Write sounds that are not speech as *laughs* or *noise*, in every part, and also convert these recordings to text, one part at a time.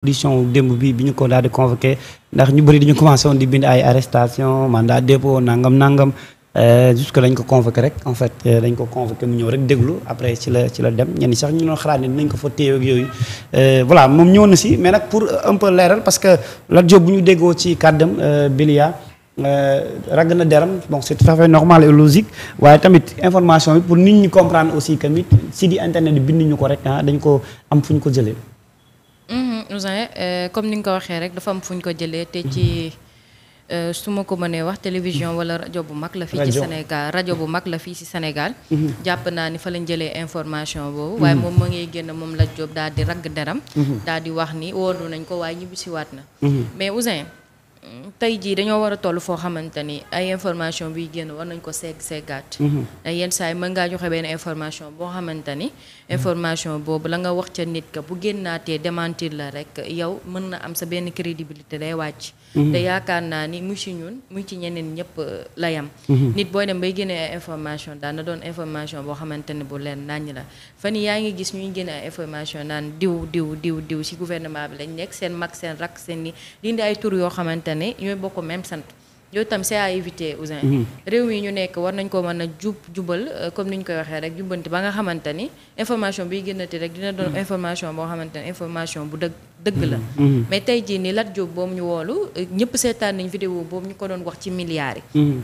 audition démb bi bu ñu ko daal di convoqué ndax ñu bëri dañu commencé woon di bind ay arrestation mandat dépôt nangam nangam euh, jusque lañ ko convoqué rek en fait dañ euh, ko convoqué mu ñëw rek déglu après ci la ci la dem ñenn sax ñu doon xalaat ne dinañ ko fa téye ak yooyu euh, voilà moom ñëw na si mais nag pour un peu leeral parce que la Diop bu ñu déggoo ci kàddam Bilia ragg na deram bon c'est tout à fait normal et logique waaye tamit information bi pour nit ñi comprendre aussi que nit si di internet bi bind ñu ko rek ah dañ ko am fu ñu ko jëlee Ouzin euh, comme ni nga ko waxee rek dafa am fu ñu ko jëlee te ci euh, su ma ko mënee wax télévision wala rajo bu mag la fii ci Sénégal rajo bu mag la fii ci Sénégal mhm. jàpp naa ni fa lañ jëlee information boobu waaye mhm. moom ma ngay génn moom la Jóob dal di ragg deram mhm. daal di wax ni woolu nañ ko waaye ñibbisiwaat na mais Ouzin tey jii dañoo war a toll foo xamante ni ay information biy génn war nañ ko segg seggaat mhm. yenn saa yi mën ngaa joxe benn information boo xamante ni mhm. information boobu la nga wax ca nit ka bu génnaatee démentir la rek yow mën na am sa benn crédibilité day wàcc Mm-hmm. te yaakaar naa ni mu ci ñun mu ci ñeneen ñëpp euh, la yam mm-hmm. nit booy dem bay génne ay information daal na doon information boo xamante ne bu leen nañ la fan yaa ngi gis ñuy génne ay information naan diw diw diw diw ci gouvernement bi lañ nekk seen mag seen rak seen ni ay tur yoo xamante ne ñooy bokk même sant yooyu tam c'est à éviter Ousin mhm. réew yi ñu nekk war nañ ko mën a jub jubal euh, comme ni ñu koy waxee rek jubbanti ba nga xamante ni information biy génnati rek dina doon mhm. information boo xamante ni information bu dëgg dëgg la mhm. mais tey jii ni Lat job boobu ñu woolu euh, ñëpp seetaan nañ vidéo boobu ñu ko doon wax ci milliards yi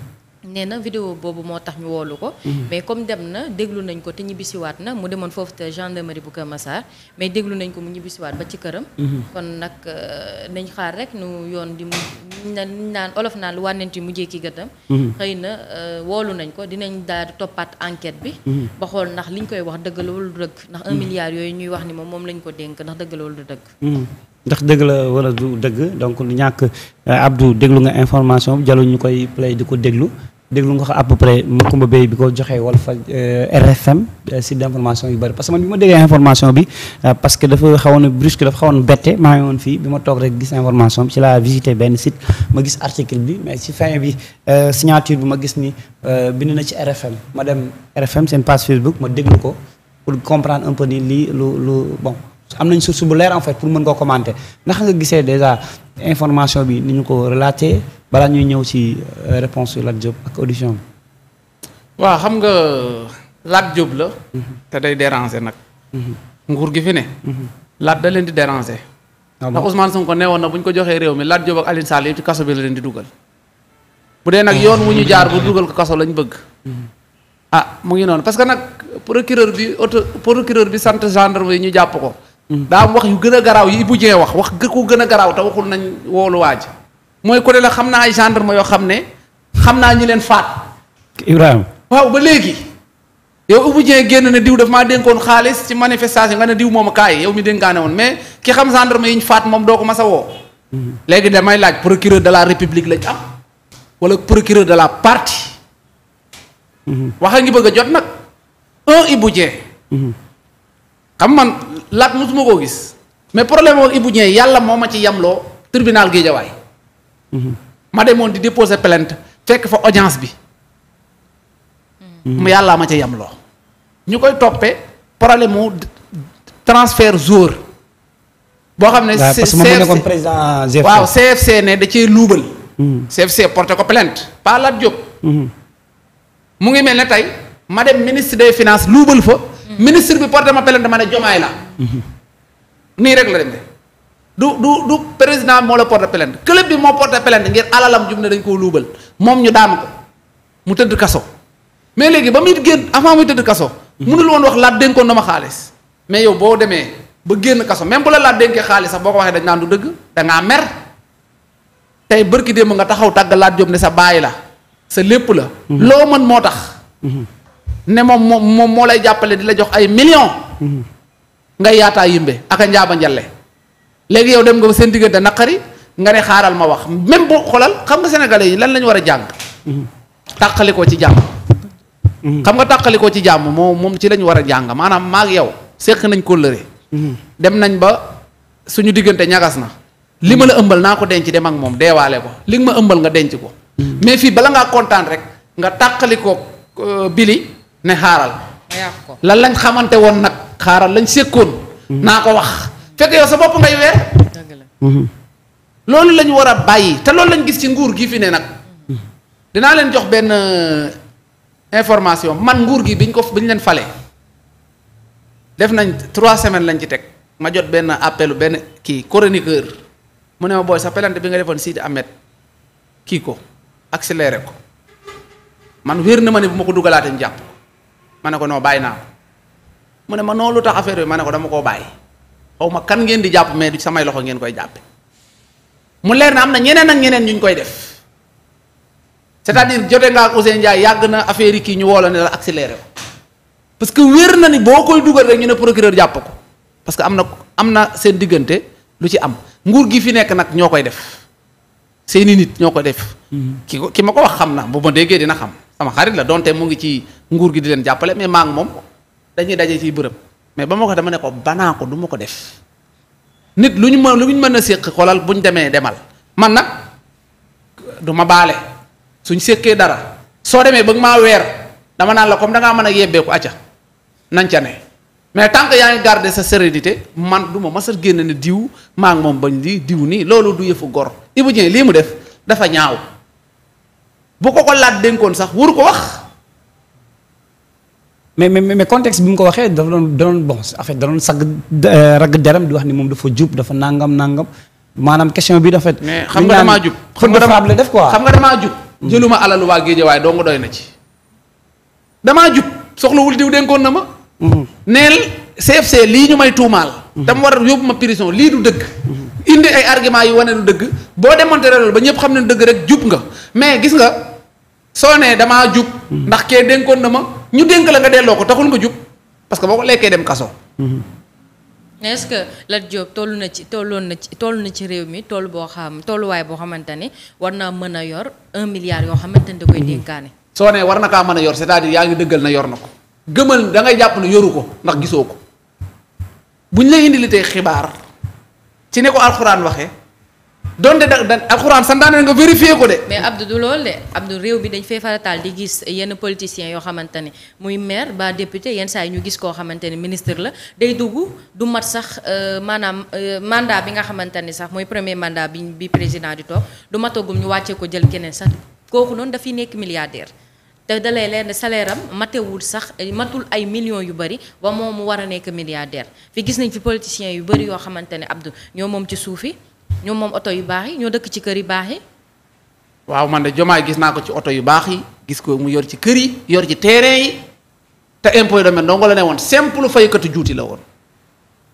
nee na vidéo boobu moo tax ñu woolu ko mais comme dem na déglu nañ ko te ñibbisiwaat na mu demoon foofu te gendarmerie bu Kër Massar mais déglu nañ ko mu ñibbisiwaat ba ci këram kon nag euh, nañ xaar rek nu yoon di ñu naan olof naan lu wànnent yi mujjee ki gëtam mhm. xëy na euh, woolu nañ ko dinañ daal toppaat enquête bi mhm. ba xool ndax liñ koy wax dëgg la wala du dëgg ndax un mhm. milliard yooyu ñuy wax ni moom moom lañ ko dénk ndax dëgg la wala du dëgg ndax dëgg la wala du dëgg donc ñàkk euh, Abdou déglu nga information bi jalu ñu koy play di ko déglu déglu nga ko à peu près Makumba Bey bi ko joxee wala fa euh, RFM euh, site d'information yu bëri parce que man bi ma déggee information bi euh, parce que dafa xawoon a brusque dafa xawoon bette maa ngi woon fii bi ma toog rek gis information bi ci laa visité benn site ma gis article bi mais ci fin bi signature bi ma gis ni bind na ci RFM ma dem RFM seen page Facebook ma déglu ko pour comprendre un peu lu lu bon am nañ source bu leer en fait pour mën koo commenter ndax nga gisee déjà information bi ni ñu ko relaté balaa ñuy ñëw ci euh, réponse yu Lat Diop ak audition bi. waaw xam nga Lat Diop la. Mhm. te day déranger nag. Mhm. nguur gi fi ne. Mhm. Lat da leen di déranger. Ah ndax Ousmane Sonko neewoon na bu ñu ko joxee réew mi Lat Diop ak Alioune Sall yëpp ci kaso bi la leen di dugal. bu dee nag yoon wu ñu jaar bu dugal ko kaso lañ bëgg. ah mu ngi noonu parce que nag procureur bi auto procureur bi sant gendarme yi ñu jàpp ko. daa wax yu gën a garaaw yi bu Dieng wax wax ko gën a garaaw te waxul nañ woolu waaj mooy côté la xam naa ay gendarme yoo xam ne xam naa ñu leen faat. Ibrahima. waaw ba léegi. yow Ibou Dieng génn na diw daf maa dénkoon xaalis ci manifestation nga ne diw moom a kaay yow mi dénkaane woon mais ki xam gendarme yi ñu faat moom doo ko a woo. Mm-hmm. léegi damay laaj procureur de la république lañ am. wala procureur de la partie. Mm-hmm. wax ngi bëgg a jot nag un Ibou mm-hmm. xam man laat mosuma koo gis. mais problème woon Ibou Dieng yàlla moo ma ci yamloo tribunal Guédiawaye ma demoon di déposer plainte fekk fa audience bi. mu mm. yàllaa ma ca yamloo. ñu koy toppee problème mu transfert joueur. boo xam ne CFC euh, waaw CFC ne da cee luubal. CFC mm. porté ko plainte. Pa Lat Diop. Mm-hmm. mu ngi mel ne tey ma dem ministre des finance luubal fa. Mm. ministre bi porté ma plainte ma ne jomaay la. Mm-hmm. nii rek la demee. du du du président moo la porté plainte club bi moo porté plainte ngir alalam jum ne dañ ko luubal moom ñu daan ko mu tëdd kaso mais léegi ba muy génn amaa muy tëdd kaso. mënul woon wax laat dénkoon na ma xaalis mais yow boo demee ba génn kaso même bu la laat dénkee xaalis sax boo ko waxee dañ naan du dëgg da mer tey bërki démb nga taxaw tàgg laat jom ne sa baay la sa lépp la. Mhm. loo mën moo tax. Mhm. ne moom moom moom moo lay jàppale di la jox ay millions. Mhm. nga yaataa yimbe ak a njaaba njalle léegi yow dem nga ba seen diggante naqari nga ne xaaral ma wax même boo xoolal xam nga sénégalais yi lan la ñu war a jàng. tàqali ko ci jàmm. xam nga tàqali ko ci jàmm moom moom ci la war a jàng maanaam maag yow seq nañ kóllëre. dem nañ ba suñu diggante ñagas na. li ma la ëmbal naa ko denc dem ak moom deewaale ko li ma ëmbal nga denc ko. mais fii bala ngaa kontaan rek nga tàqali ko euh, bili ne xaaral. lan lañ xamante woon nag xaaral lañ sékkoon. Mm-hmm. naa ko wax. fekk yow sa bopp ngay weer. Mhm. loolu la ñu war a bàyyi te loolu lañ gis ci nguur gi fi ne nag. dinaa leen jox benn euh, information man nguur gi biñ ko biñ leen fale def nañ trois semaines lañ ci teg ma jot benn appelu benn kii chroniqueur mu ne ma booy sa pelante bi nga defoon Sidi Ahmed kii ko accéléré ko man wér na ma ne bu ma ko dugalaatee jàpp ma ne ko non bàyyi naa ko mu ne ma noonu lu tax affaire bi ma ne ko dama koo bàyyi. xaw ma kan ngeen di jàpp mais du samay loxo ngeen koy jàppe mu leer na am na ñeneen ak ñeneen ñu ñu koy def cest à jote nga ak Ousseynou Ndiaye yàgg na affaire yi kii ñu woo la ak la accéléré ko parce que wér na ni boo koy dugal rek ñu ne procureur jàpp ko parce que am na am na seen diggante lu ci am nguur gi fi nekk nag ñoo koy def seeni nit ñoo ko def. Mm-hmm. ki ko ki ma ko wax xam na bu ma déggee dina xam sama xarit la donte mu ngi ci nguur gi di leen jàppale mais maa ngi moom dañuy daje ci bërëb. mais ba ma ko dama ne ko banaa ko du ma ko def nit lu ñu ma lu ñu mën a séq xoolal bu ñu demee demal man nag du ma baale suñ séqee dara soo demee ba maa weer dama naan la comme dangaa ngaa mën a yebbeeku acca nañ ca ne mais tant que yaa ngi garder sa sérénité man du ma mas a génn ne diw maa moom bañ di diw nii loolu du yëfu gor Ibou Dieng lii mu def dafa ñaaw bu ko ko laaj dénkoon sax waru ko wax. mais mais mais contexte bi mu ko waxee dafa doon doon bon en fait da doon sag euh, ragg deram di wax ni moom dafa jub dafa nangam nangam maanaam question bi dafa. mais xam nga damaa jub xam nga damaa def quoi xam nga damaa jub. Hmm. jëluma alalu waa Géejawaay dong doy na ci. damaa jub soxlawul diw dénkoon na ma. Hmm. neel CFC lii ñu may tuumaal. dama hmm. war a yóbbu ma prison lii du dëgg. indi ay argument yi wane du dëgg boo démontré loolu ba ñëpp xam ne dëgg rek jub nga mais gis nga soo nee damaa jub. ndax kee dénkoon na ma. ñu dénk la nga delloo ko taxul nga jub parce que boo ko lekkee dem kaso. mais est-ce que Lat Diop toll na ci tolloon na ci toll na ci réew mi toll boo xam tolluwaay boo xamante ne war naa mën a yor un milliard yoo xamante ne da koy dénkaane. soo nee war na kaa mën a yor cest à yaa ngi dëggal na yor na ko. gëmal da ngay jàpp ne yoru ko ndax gisoo ko buñ la indi li xibaar ci ne ko alxuraan waxee. donte da da alxuraan santaane nga vérifier ko de. mais Abdou du lool de Abdou réew bi dañ fee farataal di gis yenn politiciens yoo xamante ne muy maire ba député yenn saa yi ñu gis koo xamante ne ministre la day dugg du mat sax euh, maanaam euh, mandat bi nga xamante ne sax mooy premier mandat bi bi président di toog du matagum ñu wàccee ko jël keneen sax kooku noonu dafiy nekk milliardaire. te da lay leen salaire am matewul sax matul ay millions yu bëri ba moom mu war a nekk milliardaire fi gis nañ fi politiciens yu bëri yoo xamante ne Abdou ñoo moom ci suufi ñoom moom oto yu baax yi ñoo dëkk ci kër yi baax yi. waaw man de jomaay gis naa ko ci oto yu baax yi gis ko mu yor ci kër yi yor ci terrain yi te impôt domaine dong la ne woon simple faykatu juuti la woon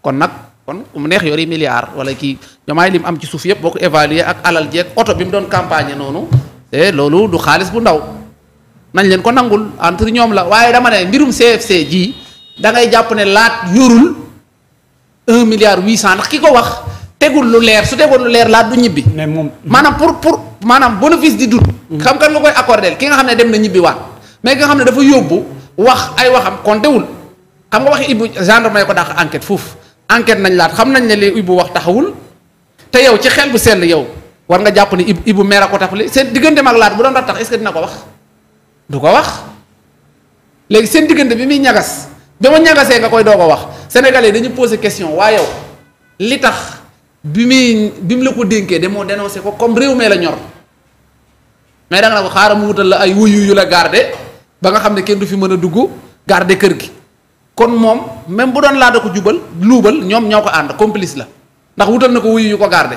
kon nag kon mu neex yori milliard wala kii jomaay li mu am ci suuf yëpp boo ko évaluer ak alal jeeg oto bi mu doon campagne noonu te loolu du xaalis bu ndaw nañ leen ko nangul entre ñoom la waaye dama ne mbirum CFC ji dangay jàpp ne laat yorul un milliard huit ko wax. tegul lu leer su tegul lu leer laa du ñibbi. mais moom maanaam pour pour maanaam bénéfice di dut mm-hmm. xam kan nga koy accordé ki nga xam ne dem na ñibbi waat mais ki nga xam ne dafa yóbbu wax ay waxam compté wul xam nga waxi Ibou gendarme yi ko dàq enquête foofu enquête nañ laat xam nañ ne li bu wax taxawul te yow ci xel bu sell yow war nga jàpp ni Ibou meer a ko tax li seen diggante mag laat bu doon tax est-ce que dina ko wax du ko wax léegi seen diggante bi muy ñagas ba ma ñagasee nga koy doo ko wax sénégalais dañu posé question waa yow bi muy bi mu la ko dénkee demoo dénoncé ko comme réew mee la ñor mais da nga ne ko xaaral mu wutal la ay wuyu yu la garde ba nga xam ne kenn du fi mën a dugg garde kër gi kon moom même bu doon laa da ko jubal luubal ñoom ñoo ko ànd complice la ndax wutal na ko wuyu yu ko garde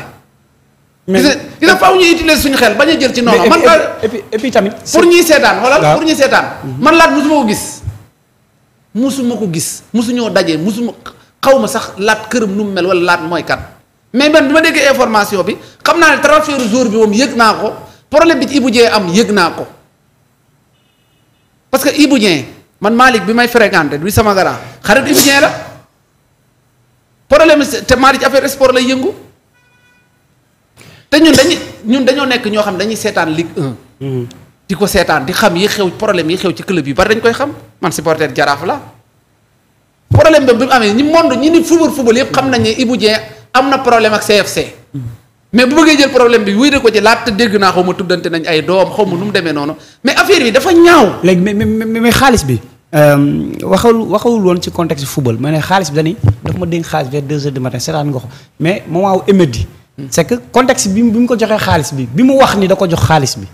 mais gis nga faaw ñuy utiliser suñu xel bañ a jël ci noonu. man et puis tamit. pour ñuy seetaan xoolal ah. pour ñuy seetaan. Mhm. man laat musuma ko gis. musuma ko gis musuñoo daje musuma xaw ma sax laat këram nu mu laat mooy kan. mais ba bi ma déggee information bi xam naa ne transfert jour bi moom yëg naa ko problème bi ci Ibou jee am yëg naa ko parce que Ibou Dieng man Malick bi may fréquenté du sama garaa xarit Ibou Dieng la problème te Malick ci affaire sport la yëngu te ñun dañu ñun dañoo nekk ñoo xam dañuy seetaan Ligue mm-hmm. di ko seetaan di xam yi xew problème yi xew ci club yi bari dañ koy xam man supporter jaraaf la problème bi bi mu amee ñi monde ñi ni football football yëpp xam nañ ne Ibou Dieng am na problème ak CFC. mais bu bëggee jël problème bi wuy de ko ci te dégg naa xaw ma tuddante nañ ay doom xaw ma nu mu demee noonu mais affaire bi dafa ñaaw. léegi mais mais mais xaalis bi. Euh, waxawul waxawul woon ci contexte football ma ne xaalis bi dañuy dafa ma dénk xaalis vers deux heures du matin seetaan nga mais moment wu émédi. c' contexte bi bi mu ko joxee xaalis bi bi mu wax ni da ko jox xaalis bi.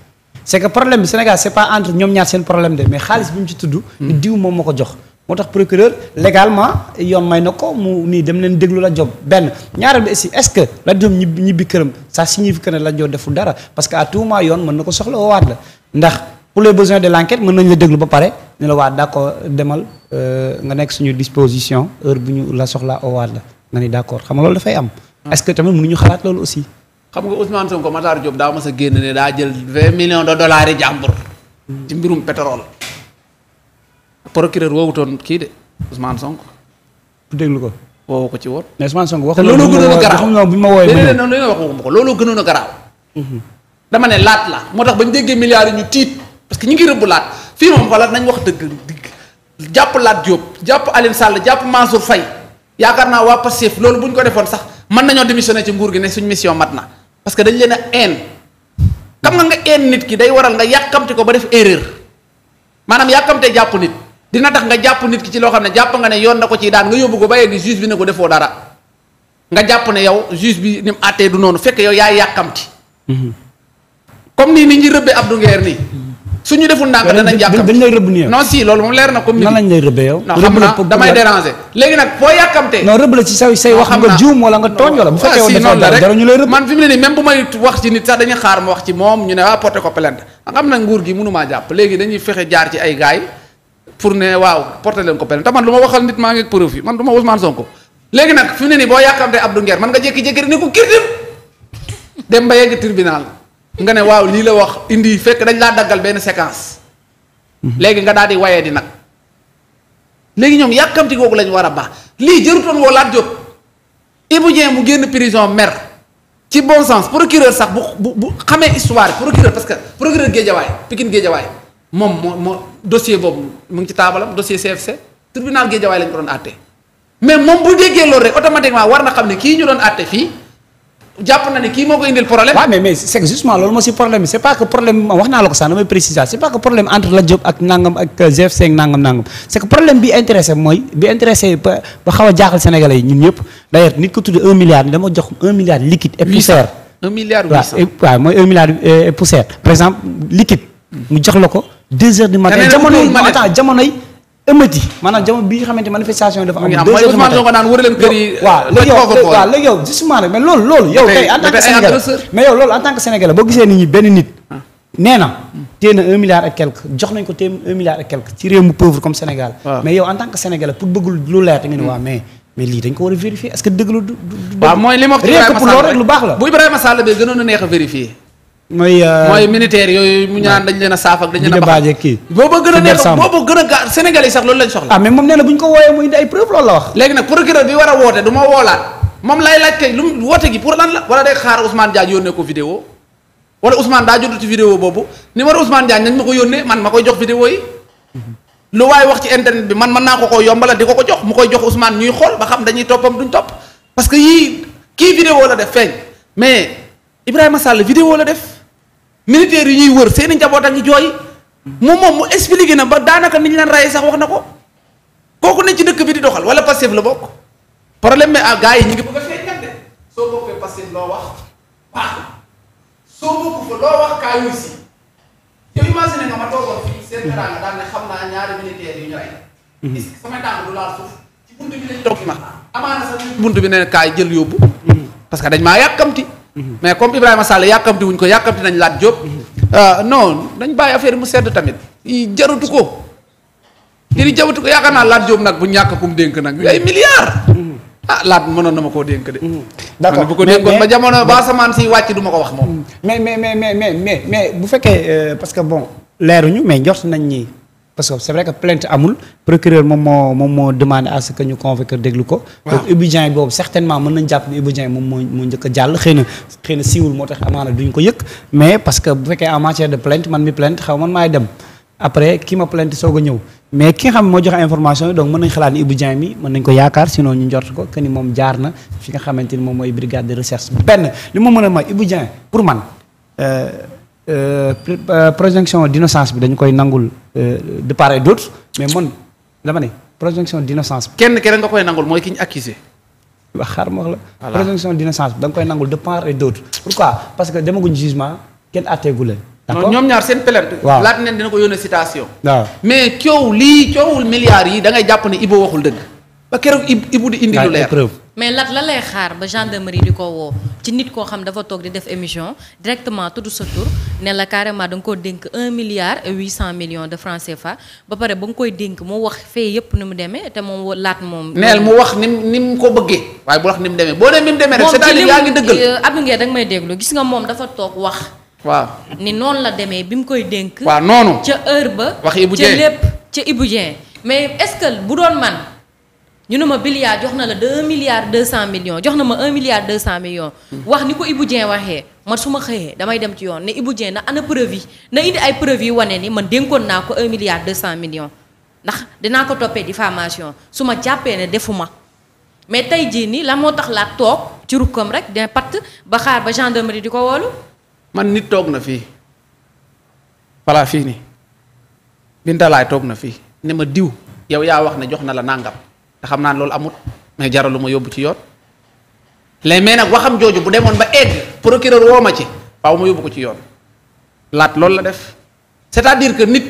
c' est que problème bi Sénégal c' pas entre ñoom ñaar seen problème de mais xaalis bi mu ci tudd. Hmm. diw moom ma ko jox. moo tax procureur légalement yoon may na ko mu nii dem leen déglu la job benn ñaareel bi aussi est-ce que Lat Diop ñibbi ñibbi këram ça signifie que ne Lat Diop deful dara parce que à tout moment yoon mën na ko soxla woowaat la ndax pour les besoins de l'enquête mën nañ la déglu ba pare ne la waa d'accord demal euh, nga nekk suñu disposition heure bu ñu la soxla woowaat la nga ni d'accord xam nga loolu dafay am. est-ce que tamit mënuñu xalaat loolu aussi. xam nga Ousmane Sonko Matar Diop daa mas a génn ne daa jël vingt millions de dollars yi jàmbur. ci mbirum pétrole. procureur woowutoon kii de Ousmane Sonko. déglu ko. woowu ko woon. mais Ousmane Sonko waxul loolu a garaaw bu ma wooyee déedéet noonu la loolu gënoon a garaaw. Mhm. ne laat la moo tax bañ déggee milliards yi ñu tiit parce que ñu ngi rëbb laat fii moom xoolal nañ wax dëgg digg jàpp laat Diop jàpp Alioune Sall jàpp Mansour Faye yaakaar naa waa Pastef loolu bu ñu ko defoon sax mën nañoo démissionné ci nguur gi ne suñ mission mat na parce que dañ leen a een xam nga nga een nit ki day waral nga yàkkamti ko ba def erreur maanaam yàkkamtee jàpp nit dina tax nga jàpp nit ki ci loo xam ne jàpp nga ne yoon na ko ci daan nga yóbbu ko ba yegg juge bi ne ko defoo dara nga jàpp ne yow juge bi ni mu àttee du noonu fekk yow yaa yàkkamti. comme nii nit ñi rëbbee Abdou Nguer nii. suñu deful ndànk danañ yàkkamti dañ lay rëbb nii non si loolu moom leer na comme ni. nan lañ lay rëbbee yow. rëbb la xam naa damay déranger. léegi nag boo yàkkamtee. non la nga juum wala nga tooñ wala. bu ah, fekkee woon dafa dara dara ñu lay rëbb man fi mu ne bu may wax ci nit sax dañuy xaar ma ne ah, nguur gi mënumaa jàpp léegi dañuy fexe jaar ci ay gaay pour ne waaw porté leen ko pelle te man lu ma waxal nit maa ngi preuve yi man du ma Ousmane Sonko léegi nag fi mu ne nii boo yàkkamtee Abdou Nguer man nga jékki-jékki ne ko kirtim dem ba yegg tribunal nga ne waaw lii la wax indi fekk dañ laa daggal benn séquence. léegi nga daal di wayee di nag. léegi ñoom yàkkamti googu lañ war a baax lii jërutoon woo laat jóg Ibou Dieng mu génn prison mer ci bon sens procureur sax bu bu bu xamee histoire procureur parce que procureur Guédiawaye Pikine Guédiawaye moom moo moo dossier boobu mu ngi ci taabalam dossier CFC tribunal Guédiawaye lañ ko doon àtte mais moom bu déggee loolu rek automatiquement war na xam ne kii ñu doon àtte fii jàpp na ne kii moo ko indil problème. waaw mais mais c' est justement loolu moo si problème bi c' est pas que problème mooy bi intéressé ba ba xaw a jaaxal sénégalais yi ñun ñëpp d' nit ko tudd un milliard dama jox un milliard liquide. et poussière un milliard huit mooy un milliard euh, et poussière par mm. jox la ko. 2 heures du matin jamono yi attends jamono yi ëmmati maanaam jamono bi nga xamante manifestation yi dafa am. deux heures du matin mooy naan wërale kër yi. waaw léegi yow justement rek mais loolu loolu. yow tey en tant que sénégalais mais yow loolu en tant que sénégalais boo gisee nit ñi benn nit. Ah. nee na téye na un milliard et quelque jox nañ ko téye un milliard et quelque ci réew mu pauvre comme Sénégal. Ah. mais yow en tant que sénégalais pour bëgg lu leer te nga ne waa mais. mais lii dañ ko war a vérifier est-ce que dëgg la du. du waaw mooy li ma wax Ibrahima Sall rek lu baax la. bu Ibrahima Sall bee gënoon a neex a vérifier mooy euh, mooy yooyu mu ñaan dañ leen a saaf ak dañ leen a baaje kii booba gën a neex booba gën a gaa Sénégal yi sax loolu lañ soxla ah mais moom nee na bu ñu ko wooyee mu indi ay preuve loolu la wax léegi nag procureur bi war a woote du woolaat moom lay laaj kay lu mu woote gi pour lan la wala day xaar Ousmane Diagne yónnee ko vidéo wala Ousmane daa jotu ci vidéo boobu numéro Ousmane Diagne nañ ma ko yónnee man ma koy jox vidéo yi lu waaye wax ci internet bi man mën naa ko koo yombalal di ko ko jox mu koy jox Ousmane ñuy xool ba xam dañuy toppam duñ topp parce que yii kii vidéo la def feeñ mais Ibrahima Sall vidéo la def militaires yi ñuy wër seeni njaboot a ngi jooy moom moom mu expliqué na ba daanaka ni ñu leen rayee sax wax na ko kooku ne ci dëkk bi di doxal wala Pastef la bokk problème bi ah yi ñu ngi bëgg a feeñ soo bokkee Pastef loo wax baax soo kaa yu si ma toogoon fii naa ñaari mhm. bi lañ toog ma jël yóbbu mhm. parce que dañ maa yàkkamti mais comme Ibrahima Sall yàkkamti wuñ ko yàkkamti nañ laat Diop. non nañ bàyyi affaire mu sedd tamit. jarutu ko. yéen jarutu ko yaakaar naa Lat Diop nag bu ñàkk kum dénk nag ay milliards. ah Lat mënoon na ma koo dénk de. d'accord bu ko dénkoon ba jamono ba asamaan si wàcc du ko wax moom. mais mais mais mais mais mais bu fekkee parce que bon leeruñu mais njort nañ ñi. parce que c'est vrai que amul procureur moom moo moom moo demandé à ce que ñu convoquer déglu ko. donc Ibou Dieng boobu certainement mën nañ jàpp ne Ibou Dieng moom moo moo a jàll xëy na xëy na siiwul moo tax amaana duñ ko yëg mais parce que bu fekkee en matière de plainte man mi plainte xaw man maay dem après ki ma plainte soog a ñëw mais ki nga xam moo joxe information yi donc mën nañ xalaat ni Ibou Dieng mi mën nañ ko yaakaar sinon ñu njort ko que ni moom jaar mooy brigade de Euh, euh, projection d'innocence bi dañu koy nangul euh, de part et d'autre mais man dama ne projection d'innocence bi. kenn kereen nga koy nangul mooy ki ñu accusé. wax xaar ma wax la. présomption d'innocence da nga koy nangul de part et d'autre. pourquoi parce que demaguñ jugement kenn àtteegu leen. ñoom ñaar seen plainte. waaw laata neen dina ko yónnee citation. waaw mais coow lii coowul milliards yi da ngay jàpp ne Ibo waxul dëgg. ba keroog Ibo di indi lu mais lat la lay xaar ba gendarmerie di ko woo ci nit koo xam dafa toog di def émission directement tudd sa tur ne la carrément da nga koo dénk un milliard et huit cent millions de francs CFA ba pare ba nga koy dénk mu wax fee yëpp ni mu demee te moom laat moom. neel mu wax ni mu ni mu ko bëggee. waaye bu wax ni mu demee boo dee ni mu demee rek. c'est-à-dire yaa ngi dëggal euh, Abdou Nguer gis nga moom dafa toog wax. waaw ni noonu la demee bi mu koy dénk. waa noonu ca heure ba. wax Ibou Dieng ca lépp ca Ibou Dieng mais est-ce que bu doon man ñu ne ma Bilia jox na la 2 milliards 200 millions jox na ma 1 milliard 200 millions. wax ni ko Ibou jin waxee man su ma xëyee damay dem ci yoon ne Ibou Dieng na ana preuve yi na indi ay preuve yi wane ni man dénkoon naa ko 1 milliard 200 millions ndax dinaa ko toppee di diffamation su ma jàppee ne defu ma mais tey jii nii la moo tax laa toog ci rukkam rek dina patt ba xaar ba gendarmerie di ko woolu. man nit toog na fii voilà fii nii Binta laay toog na fii ne ma diw yow yaa wax ne jox na la nangam. te xam naa loolu amut mais jaralu ma yóbbu ci yoon léegi mais nag waxam jooju bu demoon ba egg procureur woo ma ci waaw ma yóbbu ko ci yoon laat loolu la def c'est-à-dire que nit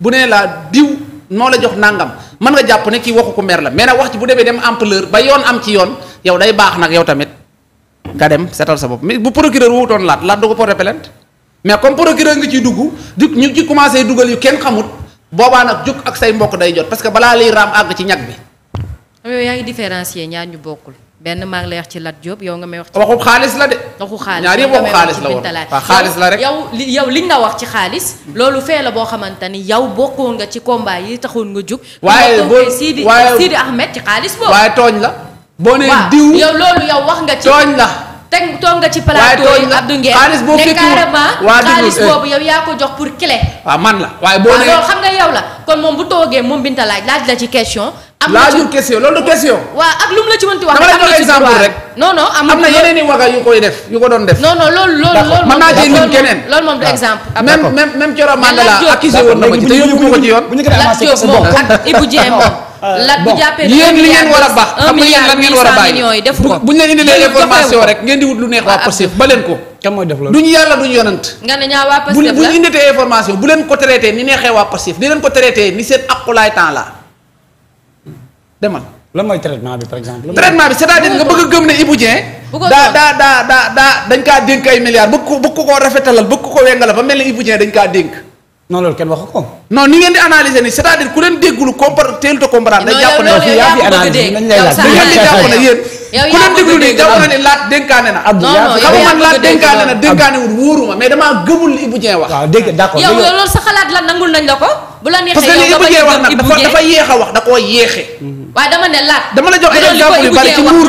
bu nee laa diw moo la jox nangam man nga jàpp ne kii waxu ko mer la mais nag wax ci bu demee dem ampleur ba yoon am ci yoon yow day baax nag yow tamit nga dem setal sa bopp mais bu procureur wuutoon laat laat du ko porter plainte mais comme procureur nga ci dugg di ñu ci commencé dugal yu kenn xamut boobaa nag jukk ak say mbokk day jot parce que balaa liy raam àgg ci ñag bi. yow yaa ngi différencier ñaar ñu bokkul benn maa la lay wax ci Lat Diop yow nga may wax. xaalis la de. waxu xaalis ñaar yëpp waxu xaalis la woon waaw xaalis la rek. yow li yow liñ la wax ci xaalis. loolu fee la boo xamante ni yow bokkoon nga ci combat yi taxoon nga jug. waaye boo waaye Sidi Sidi Ahmed ci xaalis boobu. waaye tooñ la. boo nee diw yow loolu yaw wax nga ci tooñ la. teg toog nga ci plateau yi Abdou Nguer xaalis boo fekk carrément xaalis eh. boobu yow yaa ko jox pour clé. waa man la waaye boo nee loolu xam nga yow la kon moom bu toogee moom Binta laaj laaj la ci question am na ci laajul question loolu du question. waaw ak lu mu la ci mënti wax. dama la jox exemple rek. non am na yeneen i waga yu koy def yu ko doon def. non naa ci lim keneen. loolu moom du exemple. même même même Thioro Mandela accusé woon na ko ci yoon. bu *laughs* euh, jàppee yéen li ngeen war a baax. xam nga yéen ngeen war a bàyyi bu ñu leen indilee information rek ngeen di wut lu neex ah, waa ah. Pastef ba leen ko. kan mooy def loolu duñu yonant. bu ñu inditee information bu leen ko traité ni neexee waa Pastef di leen ko traité ni seen aqulaay demal. lan mooy traitement bi par exemple. traitement bi cest à nga bëgg gëm ne Ibou daa daa daa dañ kaa dénk ay milliards bëgg ko bëgg ko koo rafetalal bëgg ko ko wengala ba mel ni Ibou Dieng dañ kaa dénk. non loolu kenn waxu ko. non ni ngeen di analyser nii loolu sa xalaat la nangul nañ la ko. bu la neexee a gëm Ibou Dieng parce que li Ibou Dieng wax nag dafa dafa wax da koo yéexe waaye dama ne laat. dama la jox ay exemple yu bari ci nguur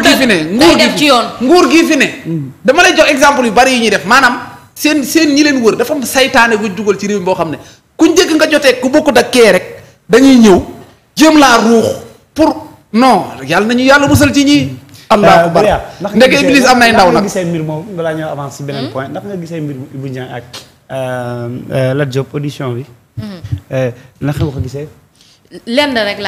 gi hmm. lay jox exemple yu bari yu ñuy def maanaam seen seen ñi leen wër dafa seytaane gu bu dugal ci réew boo xam ne ku njëkk nga jotee ku bokkut da kee rek dañuy ñëw jëm laa ruux pour non yàlla ñu yàlla musal ci ñii. Hmm. allahu akbar ndeke iblis am nay ndaw nag ndax nga gisee mbir moom balaa ñoo avance ci beneen hmm. point ndax nga gisee mbir Ibou Dieng ak euh, euh, la Diop audition bi. Euh, ndax nga ko gisee. lenn rek laa